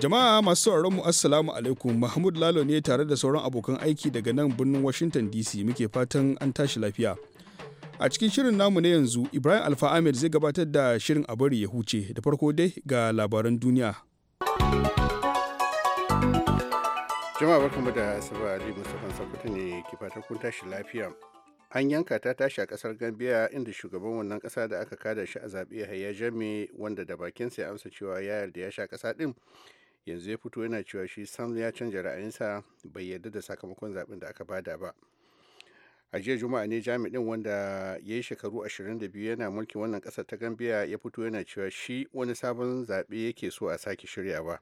Jama'a masu sauraron mu Assalamu alaikum Mahmud Lalo ne tare da sauran abokan aiki daga nan birnin Washington DC muke fatan an tashi lafiya. A cikin shirin namu na yanzu Ibrahim Alfa Ahmed zai gabatar da shirin a bari ya huce da farko dai ga labaran duniya. Jama'a barkanmu da Asaba Ali Mustapha sabbata ne ke fatan kun tashi lafiya. An yanka ta tashi a kasar Gambia inda shugaban wannan kasa da aka kada shi a zaɓe Hayya Jami wanda da bakinsa ya amsa cewa ya yarda ya sha kasa din. yanzu ya fito yana cewa shi sam ya canja ra'ayinsa bai yarda da sakamakon zaben da aka bada ba a jiya juma'a ne jami'in wanda ya yi shekaru 22 yana mulkin wannan kasar ta gambia ya fito yana cewa shi wani sabon zaɓe yake so a sake shirya ba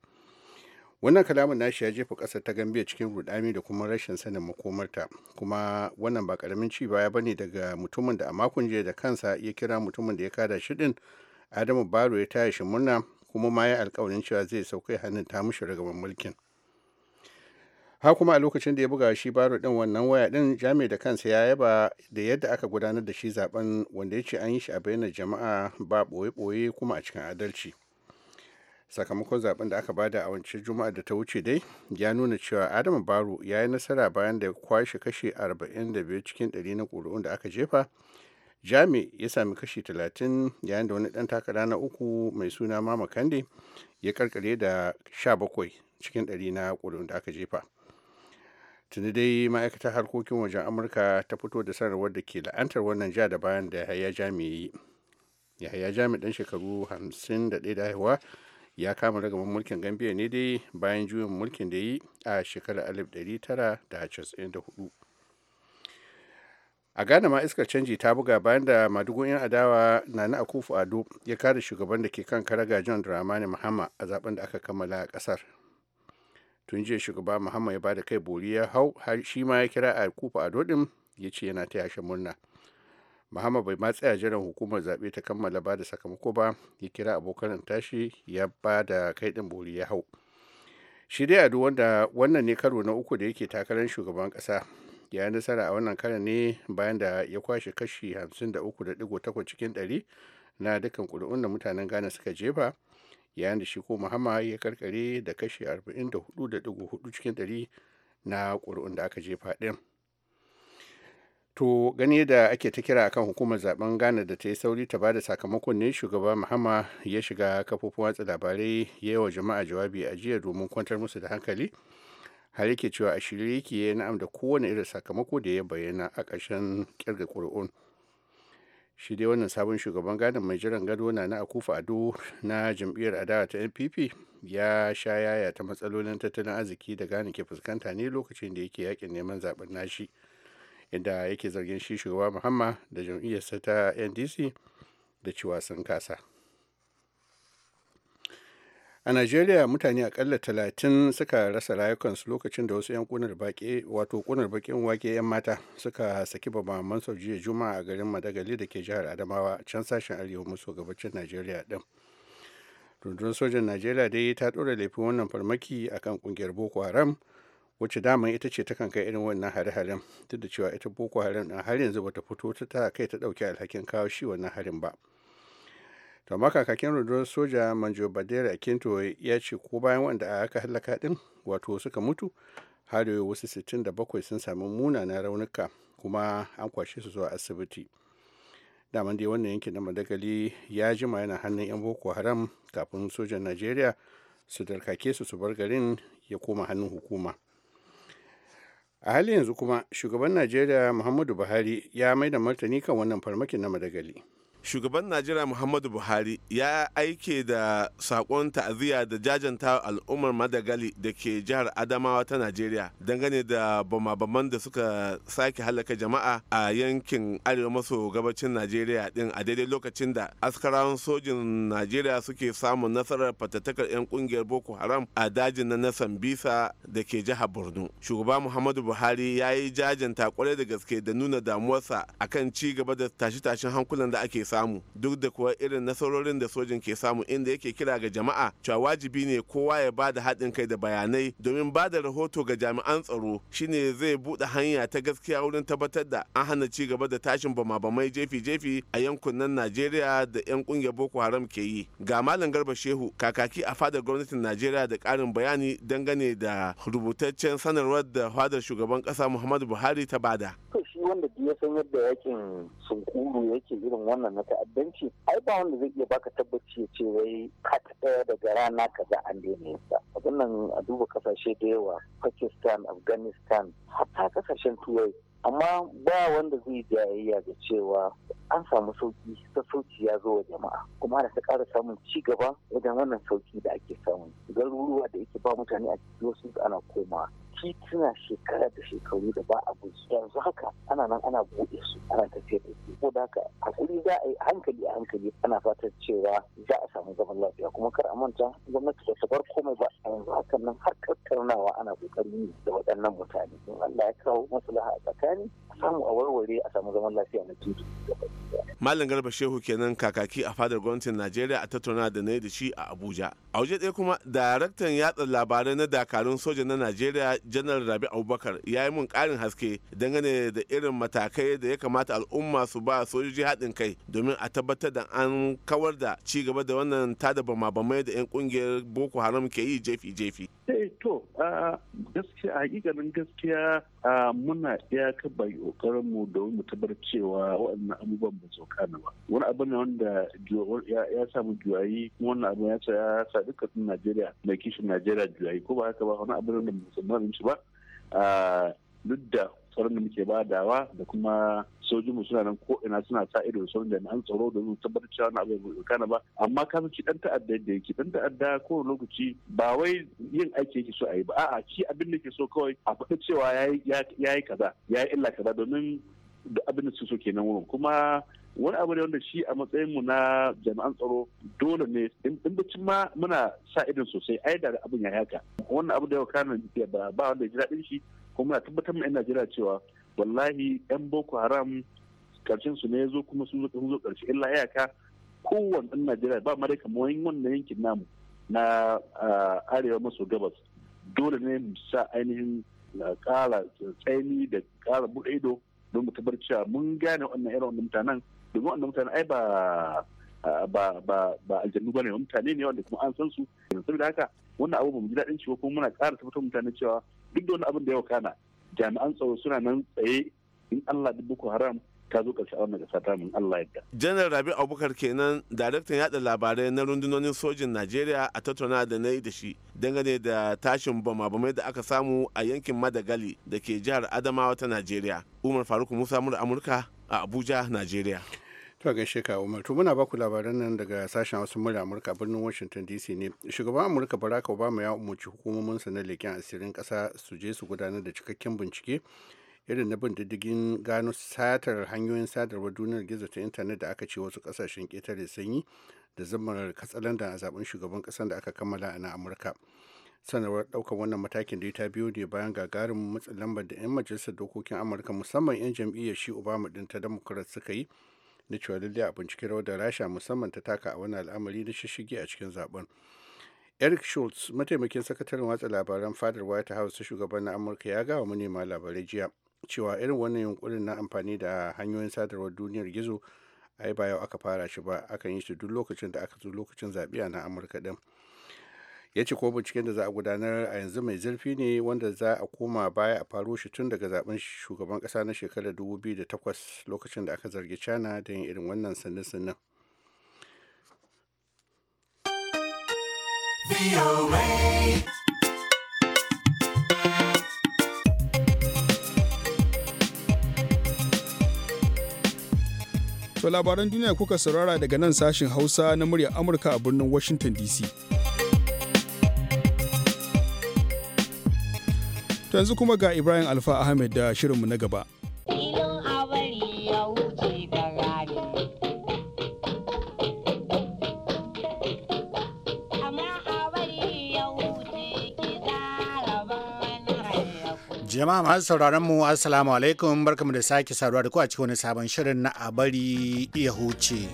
wannan kalamin nashi ya jefa kasar ta gambia cikin rudami da kuma rashin sanin makomarta kuma wannan ba karamin ci baya bane daga mutumin da a makon jiya da kansa ya kira mutumin da ya kada shi din adamu baro ya taya shi murna kuma ma ya alkawarin cewa zai sauka hannun ta mushi ragaban mulkin ha kuma a lokacin da ya buga shi baro din wannan waya din jami da kansa ya yaba da yadda aka gudanar da shi zaben wanda ya ce an yi shi a bayyana jama'a ba boye-boye kuma a cikin adalci sakamakon zaben da aka bada a wancan juma'a da ta wuce dai ya nuna cewa adamu baro ya yi nasara bayan da ya kwashe kashe 45 cikin 100 na ƙuri'un da aka jefa jami ya sami kashi talatin yayin da wani dan takara na uku mai suna mama kande ya karkare da sha bakwai cikin ɗari na kudin da aka jefa tuni dai ma'aikatar harkokin wajen amurka ta fito da sanarwar da ke la'antar wannan ja da bayan da yahaya jami yi yahaya jami dan shekaru 51 da haihuwa ya kama ragaman mulkin gambiya ne dai bayan juyin mulkin da yi a shekarar 1994 a ghana ma iskar canji ta buga bayan da madugun 'yan adawa na nana akufu ado ya kare shugaban da ke kan karaga john dramani mahama a zaben da aka kammala a kasar tun jiya shugaba mahama ya bada kai bori ya hau har shi ma ya kira a kufu ado din ya ce yana ta yashe murna mahama bai ma tsaya jiran hukumar zaɓe ta kammala ba da sakamako ba ya kira abokan tashi ya ba da kai din bori ya hau shi dai ado wanda wannan ne karo na uku da yake takarar shugaban kasa. ya nasara a wannan karan ne bayan da ya kwashe kashi 53.8 cikin 100 na dukkan kuri'un da mutanen ghana suka jefa yayin da shi ko muhammad ya karkare da kashi 44.4 cikin 100 na ƙuri'un da aka jefa din to gani da ake ta kira akan hukumar zaben ghana da ta yi sauri ta bada sakamakon ne shugaba muhammad ya shiga kafofin watsa labarai ya yi wa jama'a jawabi a jiya domin kwantar musu da hankali har yake cewa a shirye yake ya na'am da kowane irin sakamako da ya bayyana a ƙarshen kirga ƙuri'un shi dai wannan sabon shugaban gadon mai jiran gado na na akufa ado na jam'iyyar adawa ta npp ya sha yaya ta matsalolin tattalin arziki da gane ke fuskanta ne lokacin da yake yakin neman zaben nashi inda yake zargin shi shugaba muhamma da jam'iyyarsa ta ndc da cewa sun kasa a najeriya mutane akalla talatin suka rasa rayukansu lokacin da wasu 'yan kunar baki wato kunar bakin wake 'yan mata suka saki babban sau jiya juma'a a garin madagali da ke jihar adamawa can sashen arewa maso gabacin najeriya din rundunar sojan najeriya dai ta ɗora laifin wannan farmaki akan kungiyar boko haram wacce daman ita ce ta kai irin wannan hare-haren duk da cewa ita boko haram har yanzu bata fito ta kai ta ɗauki alhakin kawo shi wannan harin ba to makakakin kakakin rundunar soja manjo badera kinto ya ce ko bayan wanda aka halaka din wato suka mutu har yau wasu 67 sun sami munanan raunuka kuma an kwashe su zuwa asibiti daman dai wannan yankin na madagali ya jima yana hannun 'yan boko haram kafin sojan najeriya su darkake su su bar garin ya koma hannun hukuma a halin yanzu kuma shugaban najeriya muhammadu buhari ya mai da martani kan wannan farmakin na madagali shugaban najeriya muhammadu buhari ya aike da sakon ta'aziyya da jajanta al'ummar madagali da ke jihar adamawa ta najeriya dangane da bama-baman da suka sake halaka jama'a a yankin arewa maso gabacin najeriya din a daidai lokacin da askarawan sojin najeriya suke samun nasarar fatattakar 'yan kungiyar boko haram a dajin na nasan bisa da ke jihar borno shugaba muhammadu buhari ya yi jajanta kwarai da gaske da nuna damuwarsa akan ci gaba da tashe-tashen hankulan da ake samu duk da kuwa irin nasarorin da sojin ke samu inda yake kira ga jama'a cewa wajibi ne kowa ya ba da haɗin kai da bayanai domin ba da rahoto ga jami'an tsaro shine zai buɗe hanya ta gaskiya wurin tabbatar da an hana ci gaba da tashin bama-bamai jefi-jefi a yankunan najeriya da 'yan ƙungiyar boko haram ke yi ga malam garba shehu kakaki a fadar gwamnatin najeriya da ƙarin bayani dangane da rubutaccen sanarwar da fadar shugaban ƙasa muhammadu buhari ta bada wanda duk ya san yadda yakin sunkuru yake irin wannan na ta'addanci ai ba wanda zai iya baka tabbaci ya ce wai kat ɗaya daga rana kaza an daina yasa sa abin a duba kasashe da yawa pakistan afghanistan hatta kasashen turai amma ba wanda zai jayayya da cewa an samu sauki sauki ya zo wa jama'a kuma da ta ƙara samun ci gaba wajen wannan sauki da ake samu garuruwa da yake ba mutane a cikin wasu ana komawa tituna shekara da shekaru da ba a gudu yanzu haka ana nan ana buɗe su ana tafiya da su ko da haka hakuri za a yi hankali a hankali ana fatar cewa za a samu zaman lafiya kuma kar a manta gwamnati da ta bar komai ba yanzu haka nan har tattaunawa ana kokari yi da waɗannan mutane in Allah ya kawo maslaha a tsakani a samu a warware a samu zaman lafiya na tudu Malam Garba Shehu kenan kakaki a fadar gwamnatin Najeriya a tattauna da na da shi a Abuja. A waje ɗaya kuma daraktan yatsa labarai na dakarun soja na Najeriya janar rabi abubakar ya yi mun karin haske dangane da irin matakai da ya kamata al'umma su ba sojoji haɗin kai domin a tabbatar da an kawar da ci gaba da wannan tada bama-bamai da 'yan kungiyar boko haram ke yi jefi-jefi Eh to, a gaskiya hakikanin gaskiya muna iyaka bai kokarin mu da mu tabbatar cewa waɗannan abubuwan ba su kana ba. Wani abu ne wanda ya samu kuma wannan abu ya sa ya sa dukkan Najeriya mai kishin Najeriya juwayi ko ba haka ba wani abu ne da musamman shi ba. Duk da Sauran da muke badawa da kuma sojin mu suna nan ko ina suna sa ido sauran jami'an tsaro domin tabbatar cewa na abin da ba amma ka ci dan ta'adda yadda yake dan ta'adda ko lokaci ba wai yin aiki yake so a yi ba a'a shi abin da ke so kawai a faɗi cewa ya yi kaza ya yi illa kaza domin da abin da su so kenan wurin kuma wani abu ne wanda shi a matsayin mu na jami'an tsaro dole ne in ma muna sa idon sosai ai da abin ya haka wannan abu da yau kana ba wanda ya ji daɗin shi kuma a tabbatar ma 'yan jira cewa wallahi 'yan boko haram karshen su ne ya zo kuma sun zo sun zo karshe illa iyaka kowane dan najeriya ba ma dai kamar wannan yankin namu na arewa maso gabas dole ne mu sa ainihin ƙara tsaini da ƙara buɗe ido don mu tabbatar cewa mun gane wannan irin wannan mutanen domin wannan mutanen ai ba ba ba ba aljannu bane mutane ne wanda kuma an san su saboda haka wannan abu ba mu ji daɗin cewa kuma muna ƙara tabbatar mutane cewa duk da wani abin da ya wakana jami'an tsaro suna nan tsaye in Allah da Boko Haram ta zo karshe wannan sata ta mun Allah yadda. Janar Rabi Abubakar kenan daraktan yada labarai na rundunonin sojin Najeriya a tattauna da na yi da shi dangane da tashin bama-bamai da aka samu a yankin Madagali da ke jihar Adamawa ta Najeriya. Umar Faruk Musa mura Amurka a Abuja, Najeriya. To gaishe Umar, to muna baku labaran nan daga sashen wasu mura Amurka birnin Washington DC ne. Shugaban Amurka Barack Obama ya umarci hukumominsa na leƙen asirin ƙasa su je su gudanar da cikakken bincike irin na bin diddigin gano satar hanyoyin sadarwar duniyar gizo ta intanet da aka ce wasu kasashen ƙetare sanyi da zamar katsalandan a zaben shugaban ƙasar da aka kammala a na Amurka. sanarwar ɗaukar wannan matakin da ta biyo ne bayan gagarin matsin lambar da 'yan majalisar dokokin amurka musamman 'yan jam'iyyar shi obama ɗin ta democrat suka yi na cewa lallai a binciki rawar da rasha musamman ta taka a wani al'amari na shishigi a cikin zaben eric schultz mataimakin sakataren watsa labaran fadar white house ta shugaban na amurka ya gawa manema labarai jiya cewa irin wannan yunkurin na amfani da hanyoyin sadarwar duniyar gizo ai ba yau aka fara shi ba akan yi shi duk lokacin da aka zo lokacin zaɓe a na amurka din ya ce ko binciken da za a gudanar a yanzu mai zurfi ne wanda za a koma baya a faro shi tun daga zaben shugaban kasa na shekarar 2008 lokacin da aka zargi china da yin irin wannan sannan-sannan To labaran duniya kuka saurara daga nan sashin Hausa na muryar Amurka a birnin Washington DC. To yanzu kuma ga Ibrahim Alfa Ahmed da shirinmu na gaba. Jama'a masu sauraron mu Assalamu alaikum barkamu da sake saduwa da ku a cikin wani sabon shirin na a bari iya huce.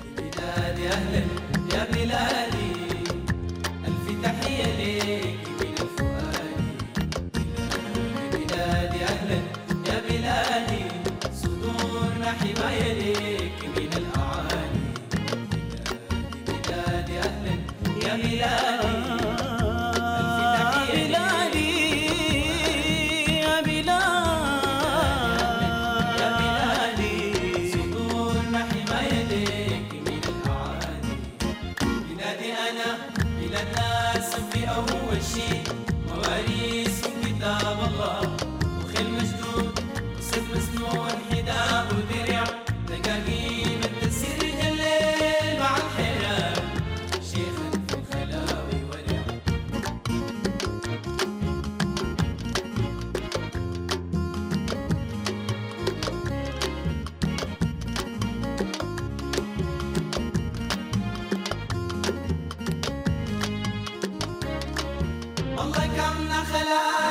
خلا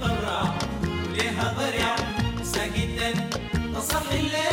بقرة وليها تصحي الليل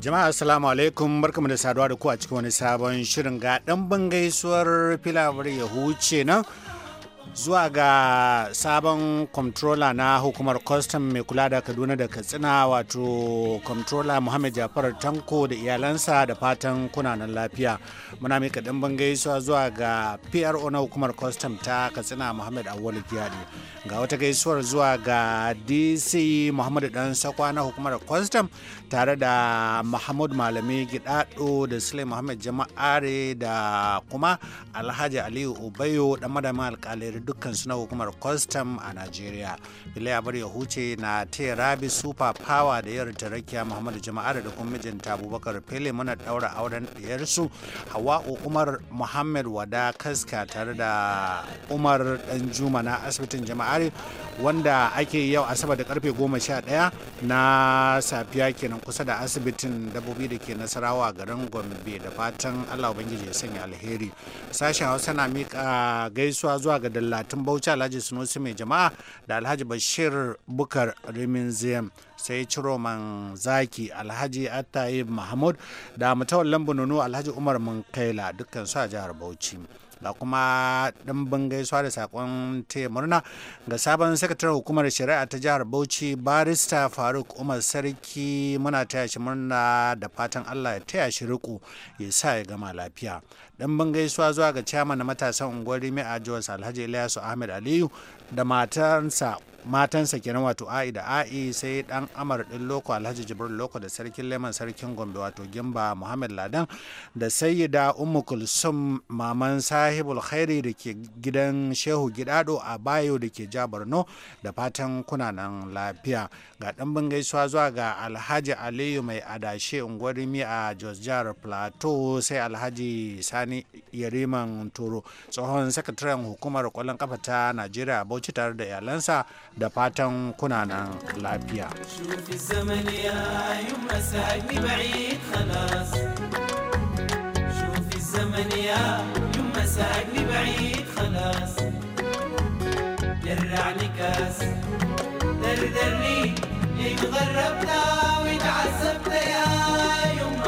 Jama'a assalamu alaikum barkamu da saduwa da ku a cikin wani sabon shirin ga dan bangaisuwar filabar ya huce nan zuwa ga sabon comptroller na hukumar custom mai kula da kaduna da katsina wato comptroller muhammad jafar tanko da iyalansa da fatan kunanan lafiya muna mika dimbin gaisuwa zuwa ga pro na hukumar custom ta katsina muhammad awal giyadi ga wata gaisuwar zuwa ga dc muhammadu dan sakwa na hukumar custom tare da mahmud malami gidado da sule muhammad jama'are da kuma alhaji aliyu ubayo dan madama alkalai dukkansu na hukumar custom a nigeria. Bile abar ya huce na taya rabi super power da yar tarakiya Muhammadu Jama'ar da kuma mijinta Abubakar Pele muna daura auren ɗiyarsu hawa Umar Muhammad Wada Kaska tare da Umar dan juma na asibitin Jama'ar wanda ake yau Asabar da karfe 11 na safiya kenan kusa da asibitin dabbobi da ke nasarawa garin Gombe da fatan Allah Ubangiji ya sanya alheri. Sashen Hausa na mika gaisuwa zuwa ga masallatin bauchi alhaji sunusi mai jama'a da alhaji bashir bukar rimin ziyam sai ciro man zaki alhaji atayi mahmud da lambu bununu alhaji umar munkaila dukkan su a jihar bauchi ga kuma ɗimbin gaisuwa da sakon taya murna ga sabon sakataren hukumar shari'a ta jihar bauchi barista faruk umar sarki muna taya shi murna da fatan allah ya taya shi riƙu ya sa ya gama lafiya ɗan gaisuwa zuwa ga ciyama na matasan unguwar rimi a jos alhaji ilyasu ahmed aliyu da matansa matansa kenan wato a'i da a'i sai dan amar din loko alhaji jibril loko da sarkin leman sarkin gombe wato gimba muhammad ladan da sayyida ummu kulsum maman sahibul khairi da ke gidan shehu gidado a bayo da ke borno da fatan kuna nan lafiya ga ɗanbin gaisuwa zuwa ga alhaji aliyu mai adashe unguwar a jos jihar plateau sai alhaji sani sani yariman toro tsohon sakataren hukumar kwallon kafa ta najeriya bauchi tare da iyalansa da fatan kunanan lafiya الزمن يا يما وتعذبنا يا يما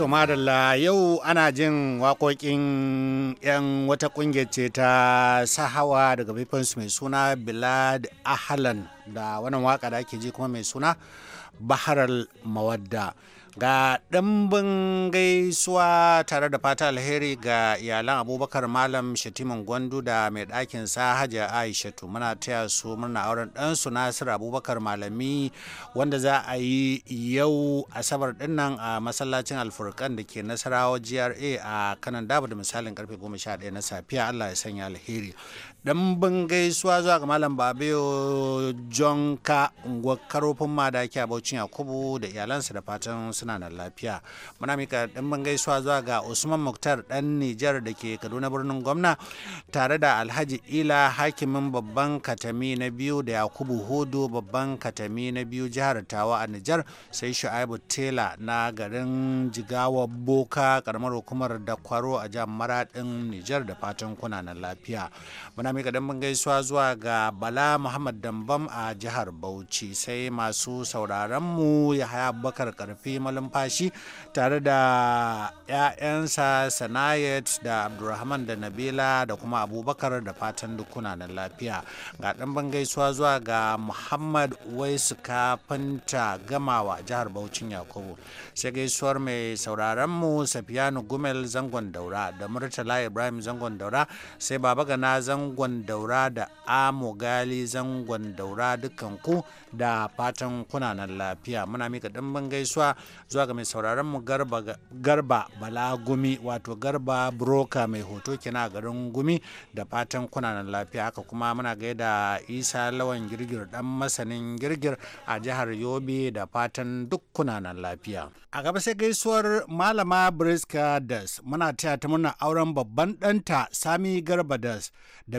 To madalla yau ana jin waƙoƙin 'yan wata ƙungiyar ce ta sahawa daga bifinsu mai suna Bilad Ahalan da wannan waƙa da ake ji kuma mai suna Baharal Mawadda. ga ɗimbin gaisuwa tare da fata alheri ga iyalan abubakar malam shatiman gwandu da mai ɗakin sa hajiya aishatu muna taya su murna auren ɗansu nasir abubakar malami wanda za a yi yau asabar ɗinnan a masallacin alfurkan da ke nasarawa gra a kanan daba da misalin karfe 11 na safiya allah ya sanya alheri ɗan gaisuwa zuwa ga malam babeo john ka unguwa karofin madaki a baucin yakubu da iyalansa da fatan suna nan lafiya muna mika ɗan gaisuwa zuwa ga usman muktar ɗan nijar da ke kaduna birnin gwamna tare da alhaji ila hakimin babban katami na biyu da yakubu hudu babban katami na biyu jihar tawa a nijar sai shu'aibu tela na garin jigawa boka karamar hukumar da kwaro a jihar maradin nijar da fatan kuna nan lafiya muna na mika dan gaisuwa zuwa ga bala muhammad dambam a jihar bauchi sai masu sauraron mu ya haya bakar karfi malumfashi tare da 'ya'yansa sanayet da abdulrahman da nabila da kuma abubakar da fatan dukuna na lafiya ga dan gaisuwa zuwa ga muhammad waisu kafinta gamawa jihar bauchin yakubu sai gaisuwar mai sauraron mu safiyanu gumel zangon daura da murtala ibrahim zangon daura sai baba gana zangon zangon daura da amo gali zangon daura dukkan ku da fatan kuna nan lafiya muna mika dimbin gaisuwa zuwa ga mai sauraron mu garba garba bala gumi wato garba broka mai hoto kina garin gumi da fatan kuna nan lafiya haka kuma muna gaida isa lawan girgir dan masanin girgir a jihar yobe da fatan duk kuna nan lafiya a gaba sai gaisuwar malama briska das muna taya ta murna auren babban danta sami garba das da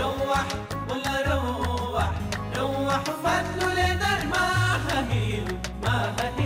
روح ولا روح روح وفضلوا لدر ما ههيل ما ههيل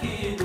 here.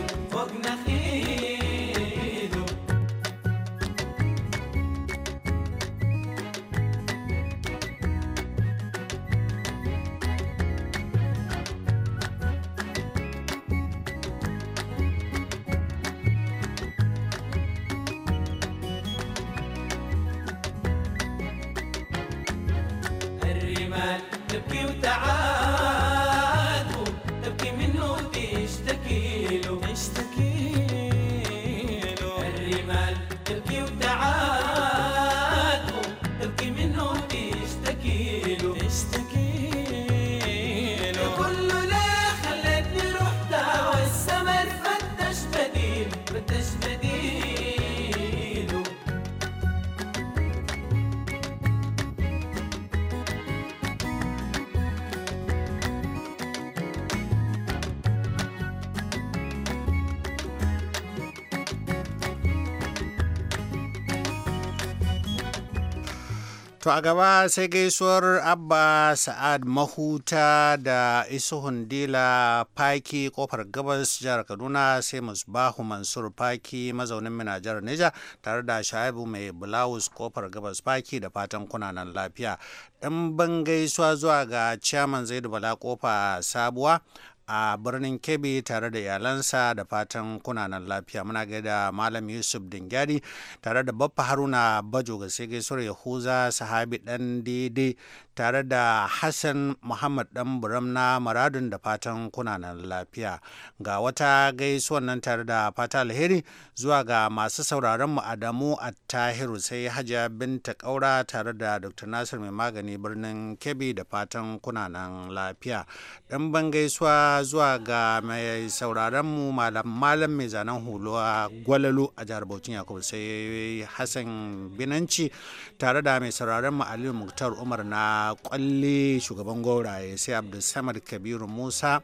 To a gaba sai gaisuwar Abba Sa'ad Mahuta da Isuhun Dila Faki kofar gabas jihar Kaduna sai Musbahu Mansur Faki mazaunin Mina jihar Neja tare da Shaibu mai Bulawus kofar gabas Faki da fatan kunanan lafiya. Dan ban gaisuwa zuwa ga Chairman Zaidu Bala kofa sabuwa a birnin kebbi tare da iyalansa da fatan kunanan lafiya muna gaida malam yusuf dingari tare da baffa haruna bajo ga sai gaisuwar yahuza sahabi dan daidai tare da hassan muhammad dan buram na maradun da fatan kunanan lafiya ga wata gaisuwan nan tare da fata alheri zuwa ga masu sauraron mu adamu a Tahiru sai hajiya binta kaura tare da dr nasir mai magani birnin kebbi da fatan kunanan lafiya dan ban gaisuwa zuwa ga mai sauraron mu malam mai zanen hulu a gwalalo a jihar Bauchin Yakubu sai Hassan Binanci tare da mai sauraron mu Aliyu Muktar Umar na kwalle shugaban gauraye sai Abdulsamad Kabiru Musa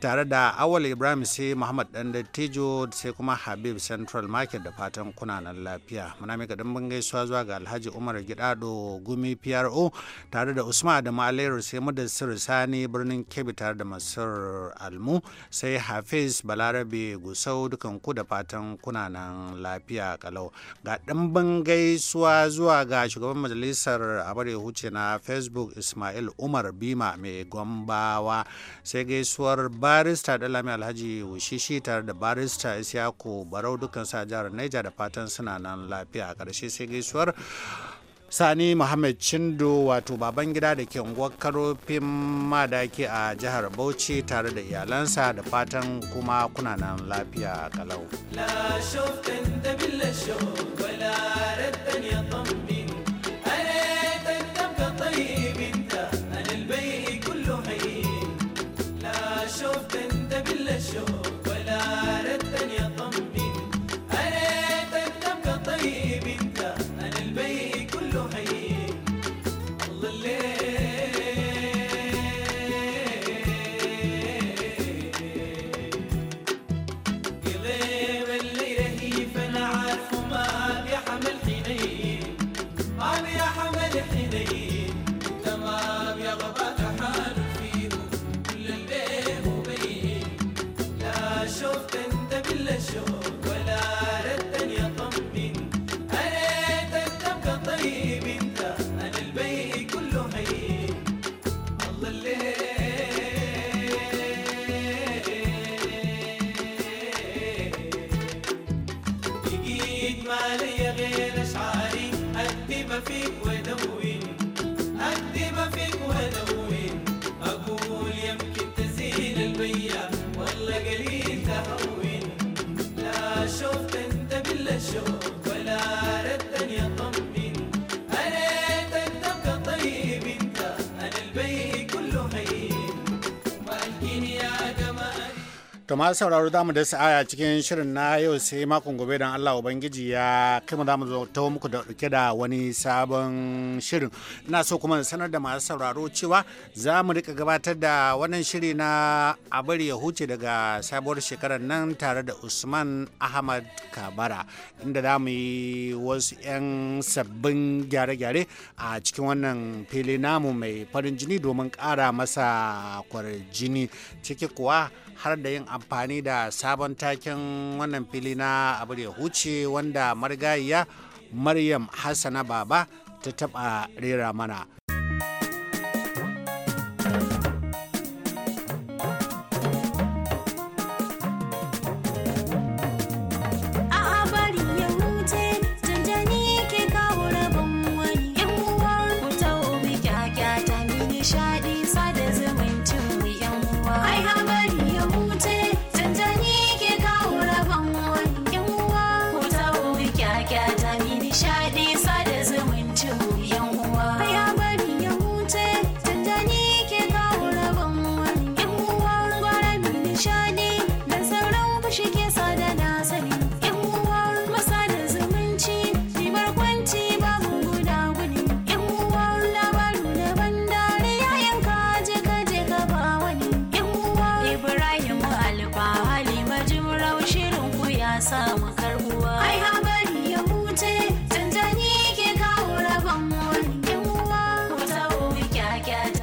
tare da awal ibrahim sai muhammad dan Tejo sai kuma habib central market da fatan kunanan lafiya muna mika dimbin gaisuwa zuwa ga alhaji umar gidado gumi pro tare da usman da ma'alairu sai mudassir sani birnin kebbi tare da masir almu sai hafiz balarabe gusau dukan ku da fatan kunanan lafiya kalau ga dimbin gaisuwa zuwa ga shugaban majalisar abare huce na facebook ismail umar bima mai gombawa sai gaisuwar barista dalami alhaji wushishi tare da barista isyaku barau dukkan sa jihar naija da fatan suna nan lafiya a karshe sai gaisuwar sani muhammad chindo wato baban gida da ke unguwar karofin madaki a jihar bauchi tare da iyalansa da fatan kuma kuna nan lafiya a kalau sauraro damu da sa'aya cikin shirin na yau sai makon gobe don Allah Ubangiji ya kai mu zamu taho muku da dauke da wani sabon shirin ina so kuma sanar da masu sauraro cewa za mu rika gabatar da wannan shiri na a ya huce daga sabuwar shekarar nan tare da Usman Ahmad Kabara inda za mu yi wasu 'yan sabbin gyare-gyare a cikin wannan fili namu mai farin jini domin kara masa kwarjini ciki kuwa har da yin amfani da sabon taken wannan fili na abu da huce wanda marigayiya maryam hassana baba ta taɓa rera mana kyata ni nishaɗi sada zumuncin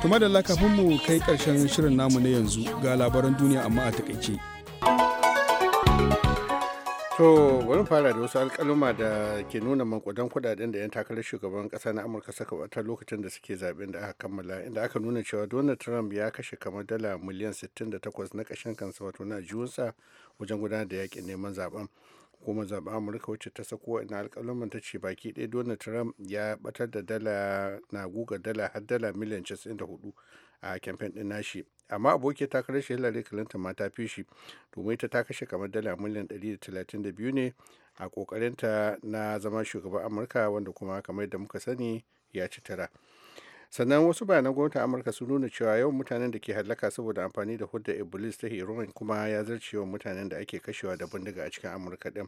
kuma da mu kai karshen shirin namu na yanzu ga labaran duniya amma a takaice to wani fara da wasu alkaluma da ke nuna makudan kudaden da 'yan takarar shugaban kasa na amurka saka wata lokacin da suke zaɓen da aka kammala inda aka nuna cewa donald trump ya kashe kamar dala miliyan 68 na kashin kansa wato na juwansa wajen gudanar da yakin neman zaben hukumar zaɓen amurka wacce ta sako ina alƙaluman ta ce baki ɗaya donald trump ya batar da dala na guga dala har dala miliyan 94 a kamfen ɗin nashi amma aboki ta shi hillary clinton ma ta fi shi domin ita ta kashe kamar dala miliyan 132 ne a kokarinta na zama shugaban amurka wanda kuma kamar da muka sani ya ci tara sannan wasu bayanan gwamnatin amurka sun nuna cewa yawan mutanen da ke hallaka saboda amfani da hudda iblis ta heroin kuma ya zarce yawan mutanen da ake kashewa da bindiga a cikin amurka din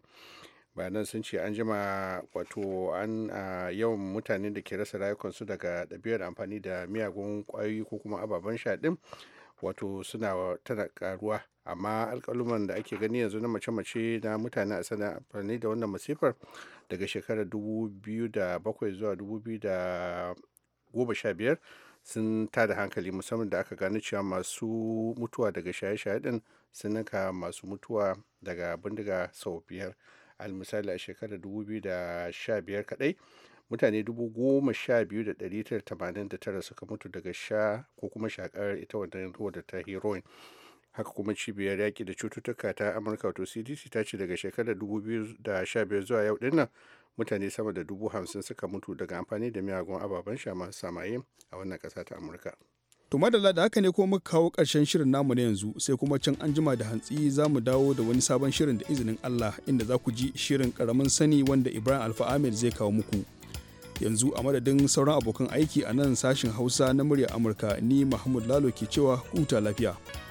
bayanan sun ce an jima wato an yawan mutanen da ke rasa rayukansu daga ɗabi'ar amfani da miyagun kwayoyi ko kuma ababen sha din wato suna tana karuwa amma alkaluman da ake gani yanzu na mace-mace na mutane a sana amfani da wannan masifar daga shekarar 2007 zuwa goma sha biyar sun tada hankali musamman da aka gano cewa masu mutuwa daga shaye-shaye din sun ninka masu mutuwa daga bindiga sau biyar almisali a shekarar 2015 kadai mutane tara suka mutu daga sha ko kuma shakar ita wannan da ta heroin haka kuma cibiyar yaƙi da cututtuka ta amurka to cdc ta ce daga shekarar 2015 zuwa yau dinnan mutane sama da dubu hamsin suka mutu daga amfani da miyagun ababen sha masu samaye a wannan ƙasa ta amurka to madalla da haka ne ko muka kawo ƙarshen shirin namu na yanzu sai kuma can an jima da hantsi za mu dawo da wani sabon shirin da izinin allah inda za ku ji shirin ƙaramin sani wanda ibrahim alfa ahmed zai kawo muku yanzu a madadin sauran abokan aiki a nan sashin hausa na murya amurka ni mahmud lalo ke cewa huta lafiya